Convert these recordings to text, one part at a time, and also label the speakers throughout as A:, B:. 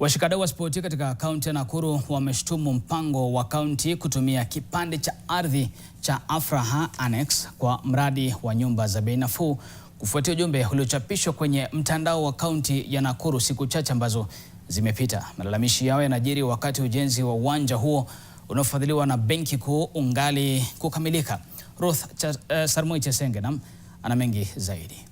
A: Washikadau wa spoti katika kaunti ya Nakuru wameshtumu mpango wa kaunti kutumia kipande cha ardhi cha Afraha Annex kwa mradi wa nyumba za bei nafuu kufuatia ujumbe uliochapishwa kwenye mtandao wa kaunti ya Nakuru siku chache ambazo zimepita. Malalamishi yao yanajiri wakati ujenzi wa uwanja huo unaofadhiliwa na Benki Kuu ungali kukamilika. Ruth uh, Sarmoi nam ana mengi zaidi.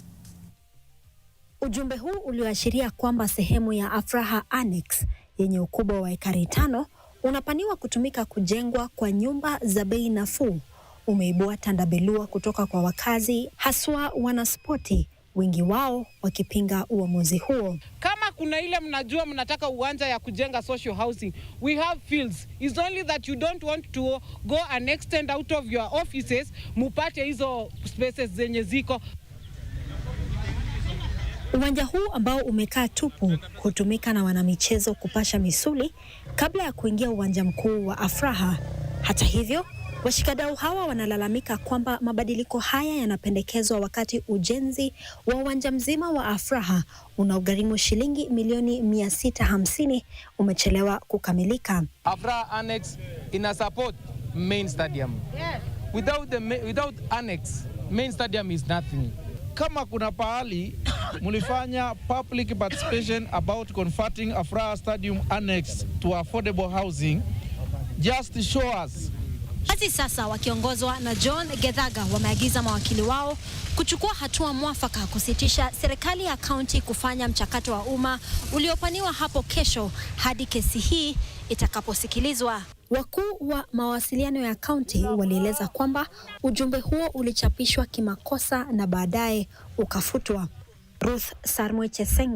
B: Ujumbe huu ulioashiria kwamba sehemu ya Afraha Annex yenye ukubwa wa ekari tano unapaniwa kutumika kujengwa kwa nyumba za bei nafuu umeibua tandabelua kutoka kwa wakazi, haswa wanaspoti, wengi wao wakipinga uamuzi huo.
C: Kama kuna ile mnajua mnataka uwanja ya kujenga social housing, we have fields, it's only that you don't want to go and extend out of your offices, mupate hizo spaces zenye ziko
B: Uwanja huu ambao umekaa tupu hutumika na wanamichezo kupasha misuli kabla ya kuingia uwanja mkuu wa Afraha. Hata hivyo, washikadau hawa wanalalamika kwamba mabadiliko haya yanapendekezwa wakati ujenzi wa uwanja mzima wa Afraha unaogharimu shilingi milioni 650 umechelewa kukamilika.
D: Afraha Annex ina support main stadium. Without the, without annex, main stadium is nothing. Kama kuna pahali mulifanya public participation about converting Afraha Stadium annex to affordable housing. Just show us.
B: Basi sasa wakiongozwa na John Gedhaga wameagiza mawakili wao kuchukua hatua mwafaka kusitisha serikali ya kaunti kufanya mchakato wa umma uliopaniwa hapo kesho hadi kesi hii itakaposikilizwa. Wakuu wa mawasiliano ya kaunti walieleza kwamba ujumbe huo ulichapishwa kimakosa na baadaye ukafutwa. Ruth Sarmo NTV.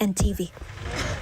B: NTV.